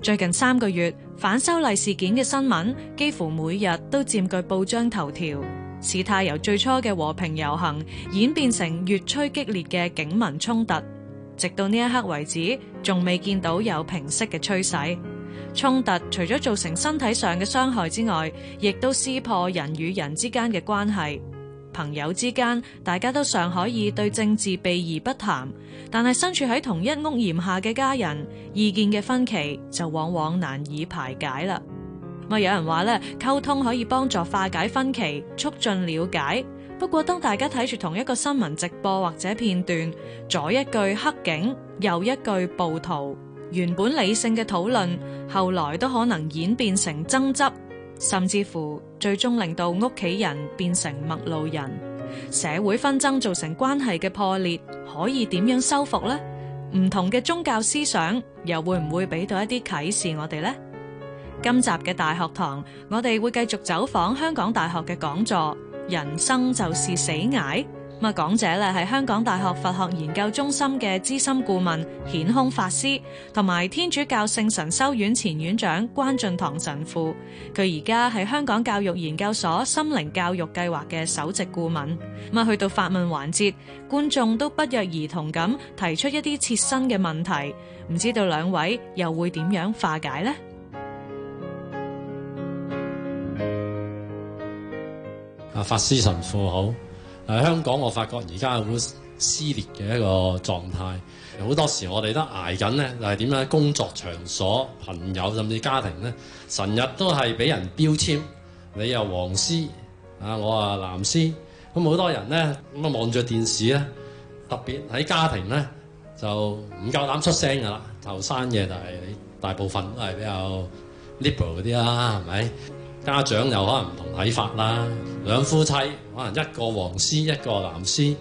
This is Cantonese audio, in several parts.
最近三個月，反修例事件嘅新聞幾乎每日都佔據報章頭條。事態由最初嘅和平遊行演變成越趨激烈嘅警民衝突，直到呢一刻為止，仲未見到有平息嘅趨勢。衝突除咗造成身體上嘅傷害之外，亦都撕破人與人之間嘅關係。朋友之間，大家都尚可以對政治避而不談，但係身處喺同一屋檐下嘅家人，意見嘅分歧就往往難以排解啦。啊，有人話咧，溝通可以幫助化解分歧，促進了解。不過，當大家睇住同一個新聞直播或者片段，左一句黑警，右一句暴徒，原本理性嘅討論，後來都可能演變成爭執。甚至乎最終令到屋企人變成陌路人，社會紛爭造成關係嘅破裂，可以點樣修復呢？唔同嘅宗教思想又會唔會俾到一啲啟示我哋呢？今集嘅大學堂，我哋會繼續走訪香港大學嘅講座，人生就是死捱。咁啊，講者咧係香港大學佛學研究中心嘅資深顧問衍空法師，同埋天主教聖神修院前院長關俊棠神父。佢而家係香港教育研究所心靈教育計劃嘅首席顧問。咁啊，去到發問環節，觀眾都不約而同咁提出一啲切身嘅問題，唔知道兩位又會點樣化解呢？啊，法師神父好。誒香港，我發覺而家好撕裂嘅一個狀態，好多時我哋都挨緊咧。就係點樣？工作場所、朋友甚至家庭咧，成日都係俾人標籤。你又黃絲啊，我啊藍絲。咁好多人咧，咁啊望住電視咧，特別喺家庭咧，就唔夠膽出聲㗎啦。頭生嘅，但係大部分都係比較 liberal 啲啦，係咪？家長又可能唔同睇法啦，兩夫妻可能一個黃絲，一個藍絲，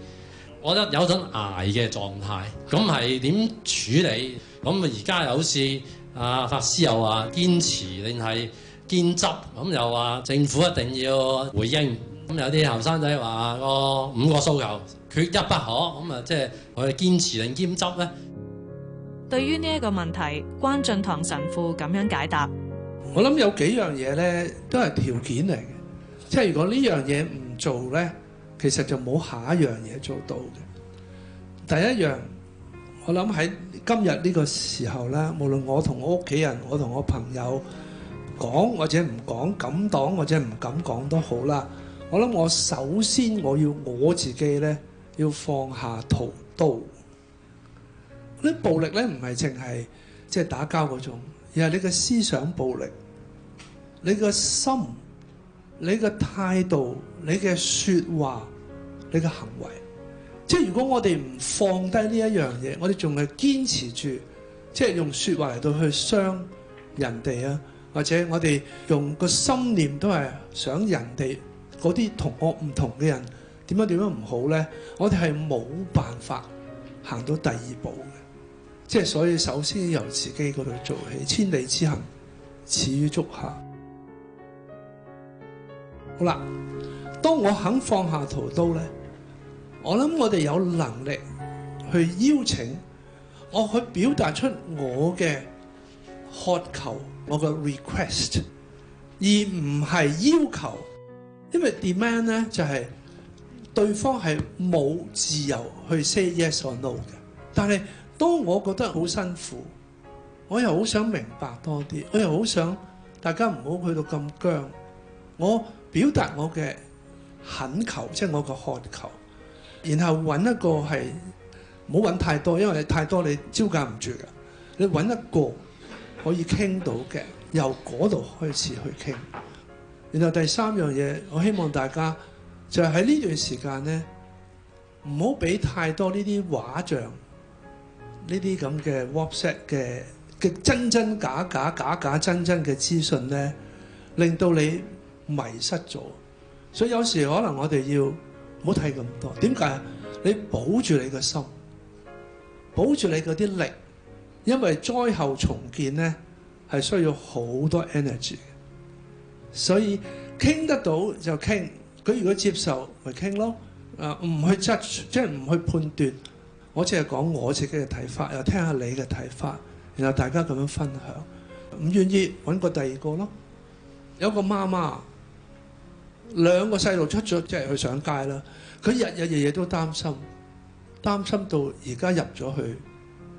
我覺得有種捱嘅狀態，咁係點處理？咁而家又好似阿法師又話堅持定係兼執，咁又話政府一定要回應。咁有啲後生仔話個五個訴求缺一不可，咁啊即係我哋堅持定兼執咧。對於呢一個問題，關俊棠神父咁樣解答。我諗有幾樣嘢咧，都係條件嚟嘅，即係如果呢樣嘢唔做咧，其實就冇下一樣嘢做到嘅。第一樣，我諗喺今日呢個時候咧，無論我同我屋企人、我同我朋友講或者唔講，敢講或者唔敢講都好啦。我諗我首先我要我自己咧，要放下屠刀。啲暴力咧，唔係淨係即係打交嗰種。而係你嘅思想暴力，你嘅心、你嘅態度、你嘅說話、你嘅行為，即係如果我哋唔放低呢一樣嘢，我哋仲係堅持住，即係用說話嚟到去傷人哋啊，或者我哋用個心念都係想人哋嗰啲同我唔同嘅人點樣點樣唔好咧，我哋係冇辦法行到第二步嘅。即係所以，首先由自己度做起。千里之行，始於足下。好啦，當我肯放下屠刀咧，我諗我哋有能力去邀請我去表達出我嘅渴求，我嘅 request，而唔係要求，因為 demand 咧就係、是、對方係冇自由去 say yes or no 嘅。但係當我覺得好辛苦，我又好想明白多啲，我又好想大家唔好去到咁僵。我表達我嘅懇求，即係我個渴求，然後揾一個係唔好揾太多，因為你太多你招架唔住噶。你揾一個可以傾到嘅，由嗰度開始去傾。然後第三樣嘢，我希望大家就喺呢段時間咧，唔好俾太多呢啲畫像。呢啲咁嘅 WhatsApp 嘅嘅真真假假假假真真嘅資訊咧，令到你迷失咗，所以有時可能我哋要唔好睇咁多。點解啊？你保住你個心，保住你嗰啲力，因為災後重建咧係需要好多 energy。所以傾得到就傾，佢如果接受咪傾咯，啊唔去質，即係唔去判斷。我只係講我自己嘅睇法，又聽下你嘅睇法，然後大家咁樣分享。唔願意揾個第二個咯。有個媽媽兩個細路出咗即係去上街啦，佢日日夜夜都擔心，擔心到而家入咗去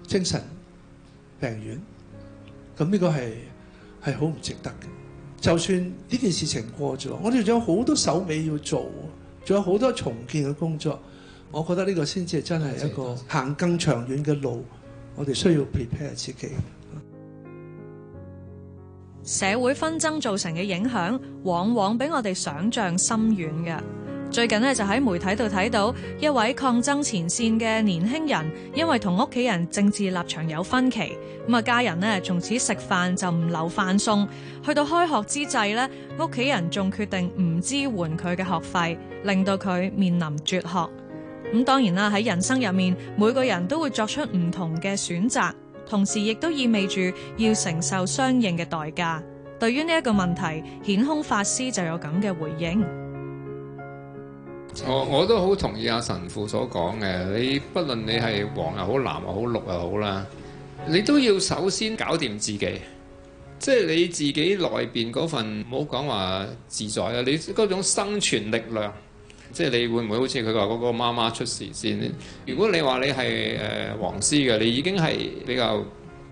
精神病院。咁呢個係係好唔值得嘅。就算呢件事情過咗，我哋仲有好多手尾要做，仲有好多重建嘅工作。我覺得呢個先至真係一個行更長遠嘅路，我哋需要 prepare 自己。嗯、社會紛爭造成嘅影響，往往俾我哋想像深遠嘅。最近呢，就喺媒體度睇到一位抗爭前線嘅年輕人，因為同屋企人政治立場有分歧，咁啊家人呢，從此食飯就唔留飯餸，去到開學之際呢，屋企人仲決定唔支援佢嘅學費，令到佢面臨輟學。咁當然啦，喺人生入面，每個人都會作出唔同嘅選擇，同時亦都意味住要承受相應嘅代價。對於呢一個問題，顯空法師就有咁嘅回應。我我都好同意阿神父所講嘅，你不論你係黃又好、藍又好、綠又好啦，你都要首先搞掂自己，即係你自己內邊嗰份，唔好講話自在啊，你嗰種生存力量。即係你會唔會好似佢話嗰個媽媽出事先？如果你話你係誒、呃、黃絲嘅，你已經係比較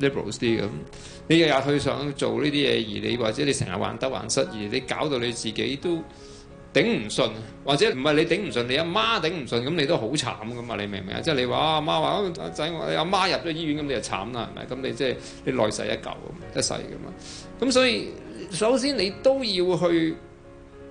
liberal 啲咁。你日日去想做呢啲嘢，而你或者你成日患得患，患失，而你搞到你自己都頂唔順，或者唔係你頂唔順，你阿媽頂唔順，咁你都好慘㗎嘛？你明唔明啊？即係你話阿媽話，仔話阿媽入咗醫院，咁你就慘啦，係咪？咁你即係你內世一嚿咁，一世咁啊。咁所以首先你都要去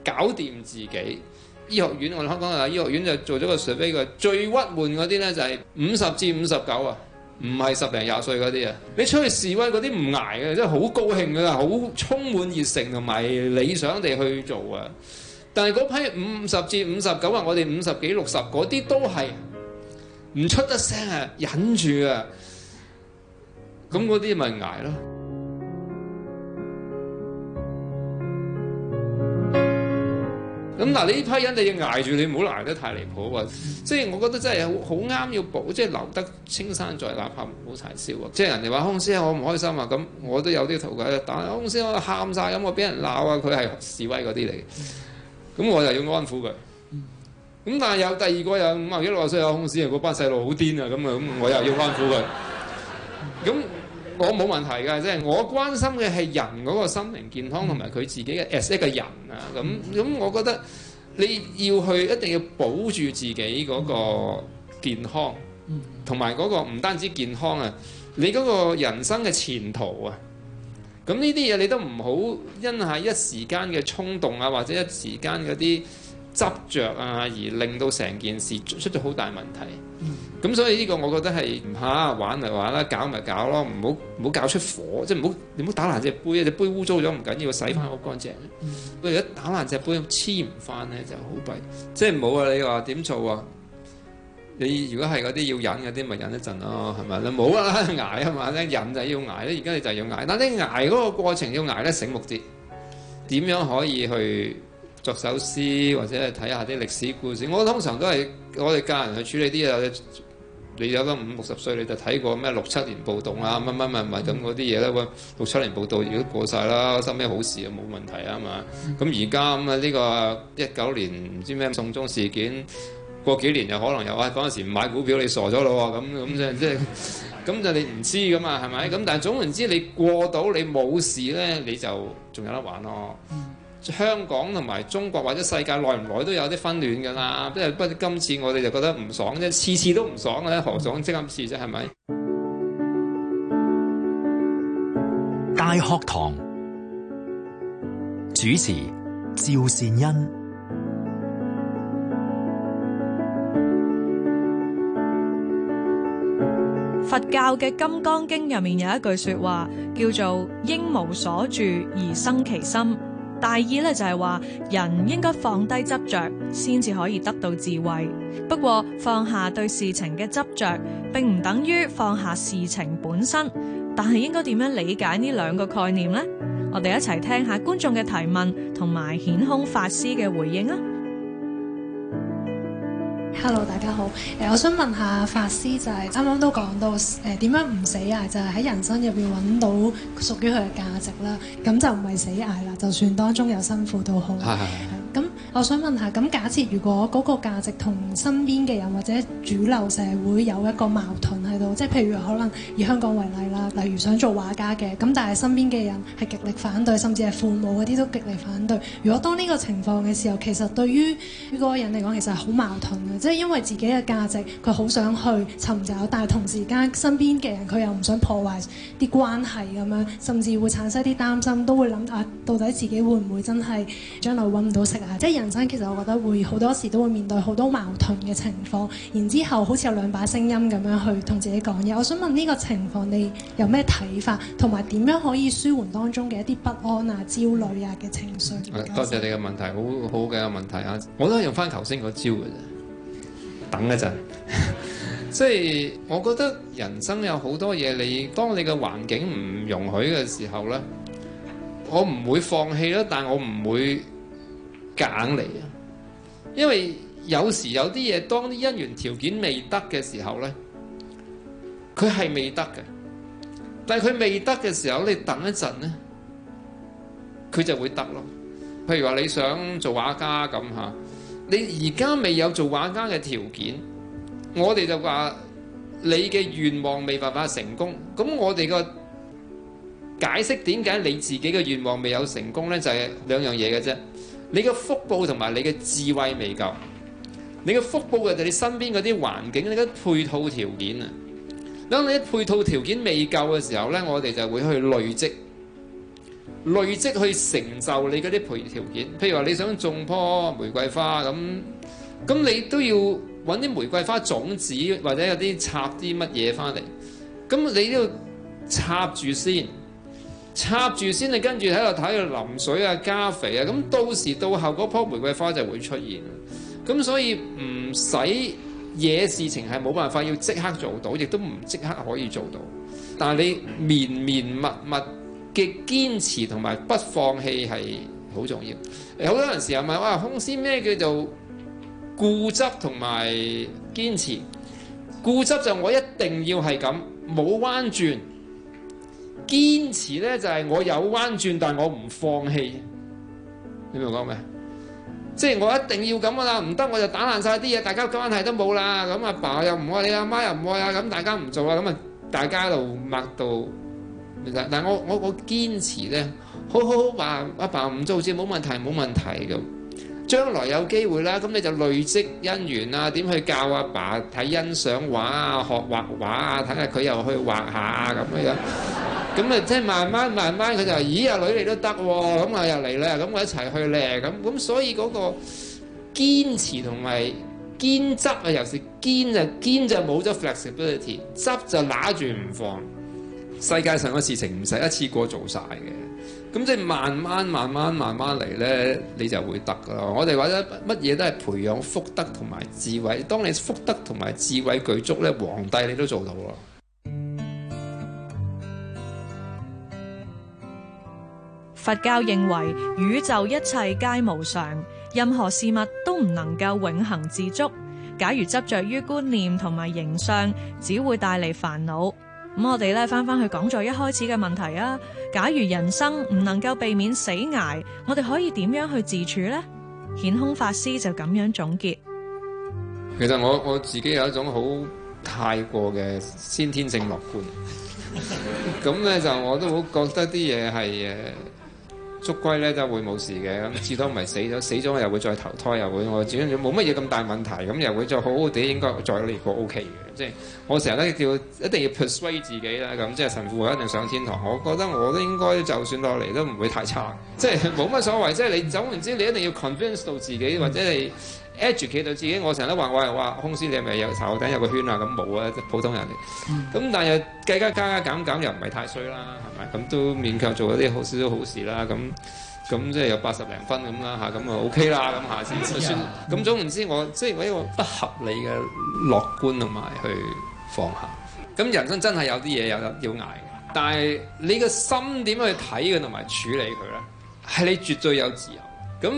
搞掂自己。醫學院，我哋香港啊，醫學院就做咗個 survey 嘅。最鬱悶嗰啲咧就係五十至五十九啊，唔係十零廿歲嗰啲啊。你出去示威嗰啲唔捱嘅，即係好高興嘅啦，好充滿熱誠同埋理想地去做啊。但係嗰批五十至五十九啊，我哋五十幾六十嗰啲都係唔出得聲啊，忍住啊，咁嗰啲咪捱咯。咁嗱，呢、嗯、批人你要挨住，你唔好挨得太離譜喎、啊。即、就、係、是、我覺得真係好好啱要保，即、就、係、是、留得青山在，哪怕唔好柴燒啊！即、就、係、是、人哋話空師我唔開心啊，咁我都有啲圖佢。但係空師都我喊晒，咁，我俾人鬧啊，佢係示威嗰啲嚟。咁我就要安撫佢。咁但係有第二個有五廿幾六廿歲有空師啊，嗰班細路好癲啊，咁啊咁，我又要安撫佢。咁。我冇問題嘅，即係我關心嘅係人嗰個心靈健康同埋佢自己嘅一個人啊，咁、嗯、咁我覺得你要去一定要保住自己嗰個健康，同埋嗰個唔單止健康啊，你嗰個人生嘅前途啊，咁呢啲嘢你都唔好因下一時間嘅衝動啊，或者一時間嗰啲。執着啊，而令到成件事出咗好大問題。咁、嗯、所以呢個我覺得係唔怕、啊、玩咪玩啦，搞咪搞咯，唔好唔好搞出火，即係唔好你唔好打爛隻杯啊！隻杯污糟咗唔緊要，洗翻好乾淨。如果打爛隻杯黐唔翻咧就好弊，即係冇啊！你話點做啊？你如果係嗰啲要忍嗰啲，咪忍一陣咯，係咪？你冇啊，捱啊 嘛，咧忍就要捱咧。而家你就要捱，但你捱嗰個過程要捱得醒目啲，點樣可以去？作首詩，或者係睇下啲歷史故事。我通常都係我哋家人去處理啲嘢。你有得五六十歲，你就睇過咩六七年暴動啊？乜乜乜咁嗰啲嘢啦。六七年暴動如果過晒啦，收咩好事啊？冇問題啊嘛。咁而家咁啊，呢、呢個一九年唔知咩送中事件，過幾年又可能又啊，嗰陣時唔買股票你傻咗咯喎！咁咁即即係，咁就你、是、唔 知噶嘛，係咪？咁但係總言之，你過到你冇事咧，你就仲有得玩咯。香港同埋中國或者世界耐唔耐都有啲紛亂㗎啦，即係不今次我哋就覺得唔爽啫，次次都唔爽嘅、啊、咧，何爽即、啊、今次啫，係咪？大學堂主持趙善恩，佛教嘅《金剛經》入面有一句説話叫做應無所住而生其心。大意咧，就係話，人應該放低執着，先至可以得到智慧。不過放下對事情嘅執着，並唔等於放下事情本身。但係應該點樣理解呢兩個概念呢？我哋一齊聽下觀眾嘅提問，同埋顯空法師嘅回應啊！Hello，大家好。誒、uh,，我想問下法師，就剛剛，就係啱啱都講到誒點樣唔死捱，就係、是、喺人生入邊揾到屬於佢嘅價值啦。咁就唔係死捱、啊、啦，就算當中有辛苦都好。係係。咁。我想問下，咁假設如果嗰個價值同身邊嘅人或者主流社會有一個矛盾喺度，即係譬如可能以香港為例啦，例如想做畫家嘅，咁但係身邊嘅人係極力反對，甚至係父母嗰啲都極力反對。如果當呢個情況嘅時候，其實對於嗰個人嚟講，其實係好矛盾嘅，即係因為自己嘅價值佢好想去尋找，但係同時間身邊嘅人佢又唔想破壞啲關係咁樣，甚至會產生啲擔心，都會諗啊，到底自己會唔會真係將來揾唔到食啊？即係人。其實我覺得會好多時都會面對好多矛盾嘅情況，然之後好似有兩把聲音咁樣去同自己講嘢。我想問呢個情況你有咩睇法，同埋點樣可以舒緩當中嘅一啲不安啊、焦慮啊嘅情緒？多謝你嘅問題，好好嘅一個問題啊！我都係用翻頭先嗰招嘅啫，等一陣。 即係我覺得人生有好多嘢，你當你嘅環境唔容許嘅時候呢，我唔會放棄咯，但我唔會。揀嚟啊！因為有時有啲嘢，當啲因緣條件未得嘅時候呢，佢係未得嘅。但係佢未得嘅時候，你等一陣呢，佢就會得咯。譬如話你想做畫家咁吓，你而家未有做畫家嘅條件，我哋就話你嘅願望未辦法成功。咁我哋個解釋點解你自己嘅願望未有成功呢？就係兩樣嘢嘅啫。你嘅福報同埋你嘅智慧未夠，你嘅福報就係你身邊嗰啲環境，你啲配套條件啊。當你啲配套條件未夠嘅時候咧，我哋就會去累積，累積去成就你嗰啲配套條件。譬如話你想種棵玫瑰花咁，咁你都要揾啲玫瑰花種子，或者有啲插啲乜嘢翻嚟，咁你都要插住先。插住先，你跟住喺度睇，喺度淋水啊，加肥啊，咁到時到候嗰樖玫瑰花就會出現。咁所以唔使惹事情係冇辦法要即刻做到，亦都唔即刻可以做到。但係你綿綿密密嘅堅持同埋不放棄，係好重要。有好多人成日問：「哇，空師咩叫做固執同埋堅持？固執就我一定要係咁，冇彎轉。」堅持呢就係、是、我有彎轉，但我唔放棄。你明我講咩？即係我一定要咁噶啦，唔得我就打爛晒啲嘢，大家關係都冇啦。咁阿爸，爸又唔愛你，媽媽愛你阿媽又唔愛啊，咁大家唔做啊，咁啊大家度路默到。但我我我堅持呢，好好好話阿爸唔做，好似冇問題冇問題咁。將來有機會啦，咁你就累積因緣啊，點去教阿爸睇欣賞畫啊，學畫畫啊，睇下佢又去畫下啊，咁樣樣。 咁啊、嗯，即係慢慢慢慢，佢就咦，阿女你都得喎，咁、嗯、我又嚟咧，咁、嗯、我一齊去咧，咁、嗯、咁、嗯、所以嗰個堅持同埋堅執啊，尤其堅，堅就堅就冇咗 flexibility，執就拿住唔放。世界上嘅事情唔使一次過做晒嘅，咁、嗯、即係慢慢慢慢慢慢嚟呢，你就會得咯。我哋或者乜嘢都係培養福德同埋智慧，當你福德同埋智慧具足呢，皇帝你都做到咯。佛教認為宇宙一切皆無常，任何事物都唔能夠永恒自足。假如執着於觀念同埋形象，只會帶嚟煩惱。咁我哋咧翻翻去講座一開始嘅問題啊。假如人生唔能夠避免死捱，我哋可以點樣去自處呢？顯空法師就咁樣總結。其實我我自己有一種好太過嘅先天性樂觀，咁咧就我都好覺得啲嘢係誒。捉龜咧就會冇事嘅，咁、嗯、至多唔係死咗，死咗我又會再投胎，又會我主要冇乜嘢咁大問題，咁又會再好好地應該再嚟過 OK 嘅。即係我成日都叫一定要 persuade 自己啦，咁、嗯、即係神父我一定上天堂，我覺得我都應該 就算落嚟都唔會太差， 即係冇乜所謂，即係你走唔知你一定要 convince 到自己或者你。 e d 企到自己，我成日都話，喂，哇，空師你係咪有頭頂有個圈啊？咁冇啊，普通人嚟。咁、嗯、但又計加加加減減又唔係太衰啦，係咪？咁都勉強做一啲好少少好事啦。咁咁即係有八十零分咁啦，嚇咁啊 OK 啦，咁下先，就咁、嗯、總言之，我即係我一個不合理嘅樂觀同埋去放下。咁人生真係有啲嘢有要捱，但係你個心點去睇佢同埋處理佢咧？係你絕對有自由。咁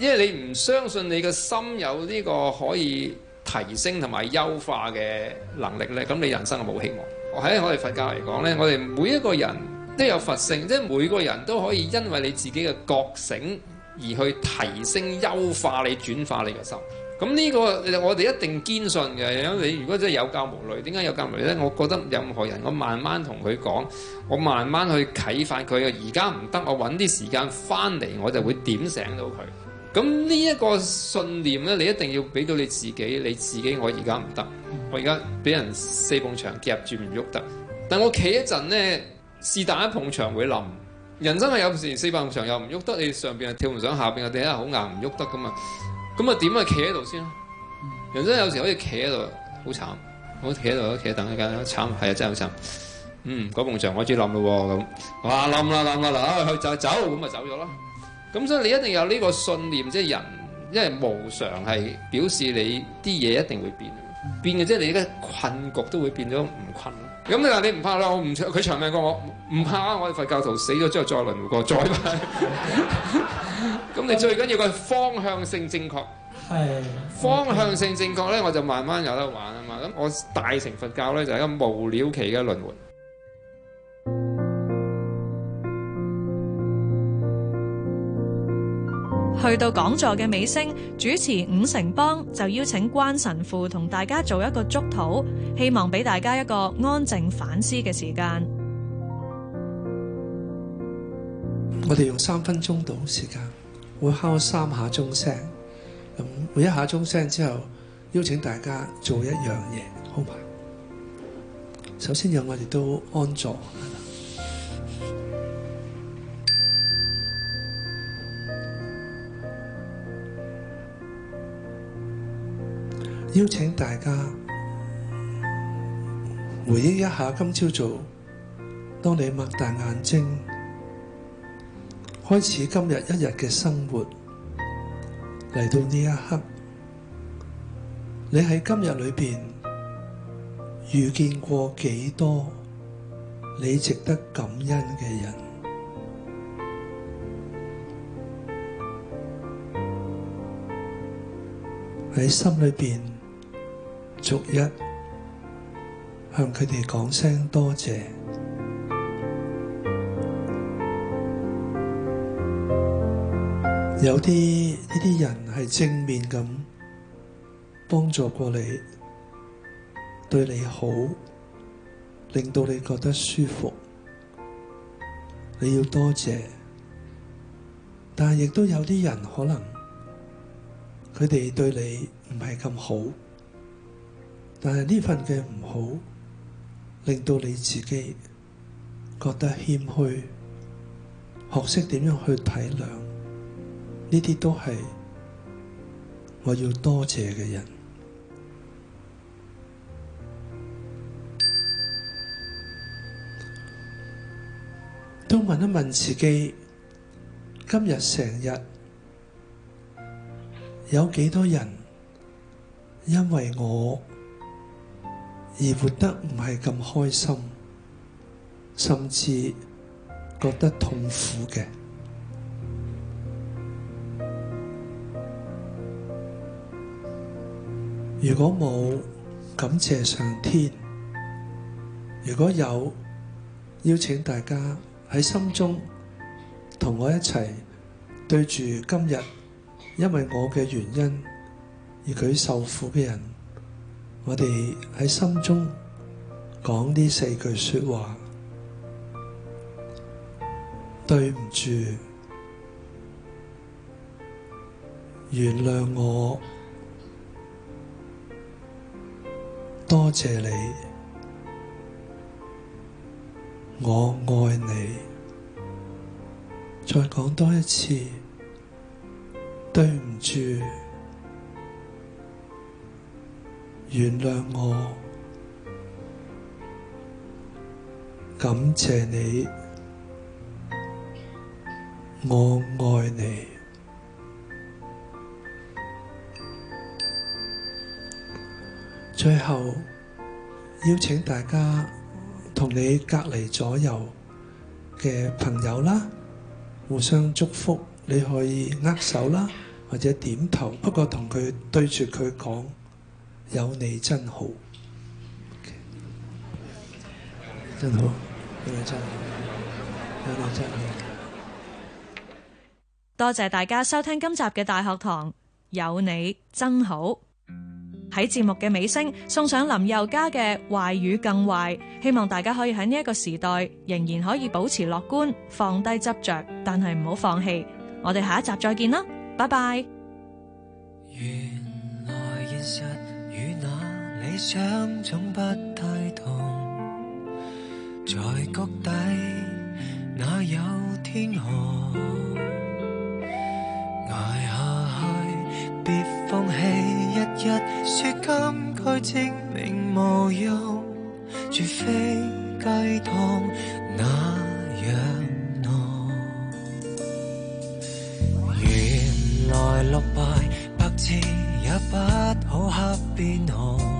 因為你唔相信你嘅心有呢個可以提升同埋優化嘅能力咧，咁你人生就冇希望。喺我哋佛教嚟講呢，我哋每一個人都有佛性，即係每個人都可以因為你自己嘅覺醒而去提升、優化你轉化你嘅心。咁呢個我哋一定堅信嘅。如果你如果真係有教無類，點解有教無類呢？我覺得任何人，我慢慢同佢講，我慢慢去啟發佢嘅。而家唔得，我揾啲時間翻嚟，我就會點醒到佢。咁呢一個信念咧，你一定要俾到你自己。你自己我而家唔得，我而家俾人四埲牆夾住唔喐得。但我企一陣咧，是但一埲牆會冧。人生係有時四埲牆又唔喐得，你上邊係跳唔上，下邊係地下，好硬唔喐得噶嘛。咁啊，點啊？企喺度先啊？人生有時可以企喺度，好慘，好，企喺度，企喺等一間，慘係啊真係好慘。嗯，嗰埲牆開始冧咯咁，哇冧啦冧啦嗱，去就走，咁咪走咗啦。咁所以你一定有呢個信念，即係人，因為無常係表示你啲嘢一定會變，嗯、變嘅即係你而家困局都會變咗唔困。咁嗱，你唔怕啦，我唔佢長命過我，唔怕。我哋佛教徒死咗之後再輪迴過，再。咁 你最緊要個方向性正確。係。 方向性正確咧，我就慢慢有得玩啊嘛。咁我大乘佛教咧就係、是、一個無了期嘅輪迴。去到講座嘅尾聲，主持伍成邦就邀請關神父同大家做一個祝禱，希望俾大家一個安靜反思嘅時間。我哋用三分鐘到時間，會敲三下鐘聲。每一下鐘聲之後，邀請大家做一樣嘢，好唔好？首先，讓我哋都安坐。邀請大家回憶一下今朝早，當你擘大眼睛開始今日一日嘅生活，嚟到呢一刻，你喺今日裏邊遇見過幾多你值得感恩嘅人？喺心裏邊。逐一向佢哋講聲多謝，有啲呢啲人係正面咁幫助過你，對你好，令到你覺得舒服，你要多謝，但係亦都有啲人可能佢哋對你唔係咁好。但係呢份嘅唔好，令到你自己覺得謙虛，學識點樣去體諒，呢啲都係我要多謝嘅人。都問一問自己，今日成日有幾多人因為我？而活得唔係咁開心，甚至覺得痛苦嘅。如果冇，感謝上天；如果有，邀請大家喺心中同我一齊，對住今日因為我嘅原因而佢受苦嘅人。我哋喺心中講呢四句說話：對唔住，原諒我，多謝你，我愛你。再講多一次，對唔住。原諒我，感謝你，我愛你。最後邀請大家同你隔離左右嘅朋友啦，互相祝福。你可以握手啦，或者點頭。不過，同佢對住佢講。有你真好，okay. 真好，有你真好。有你真好。多謝大家收聽今集嘅《大學堂》，有你真好。喺節目嘅尾聲送上林宥嘉嘅《壞與更壞》，希望大家可以喺呢一個時代仍然可以保持樂觀，放低執着，但係唔好放棄。我哋下一集再見啦，拜拜。想總不太同，在谷底哪有天河？捱下去，別放棄，日日説金句證明無用，絕非雞湯那樣濃。原來落敗百,百次也不好，黑變紅。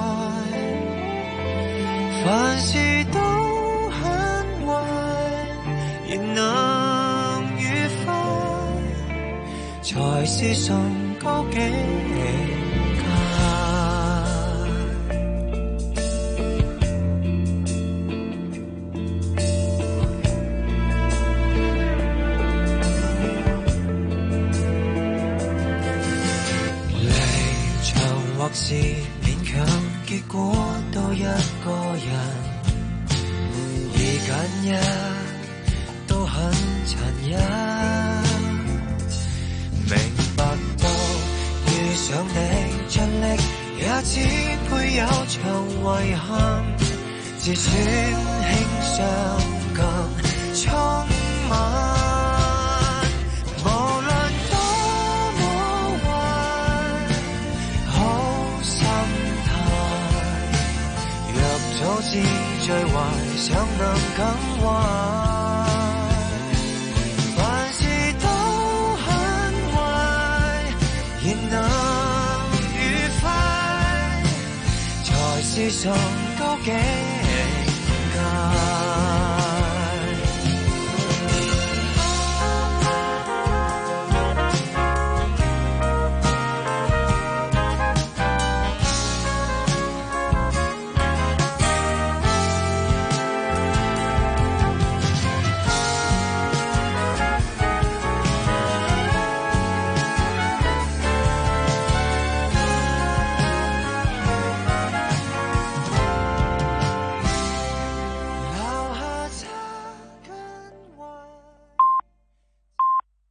凡事都很壞，也能愉快才是崇高境界。離場或是勉強。結果都一個人，而簡約都很殘忍。明白到遇上你，盡力也只配有場遺憾，自尊輕傷更充滿。是最壞，尚能更壞；凡事都很壞，仍能愉快，才是崇高境。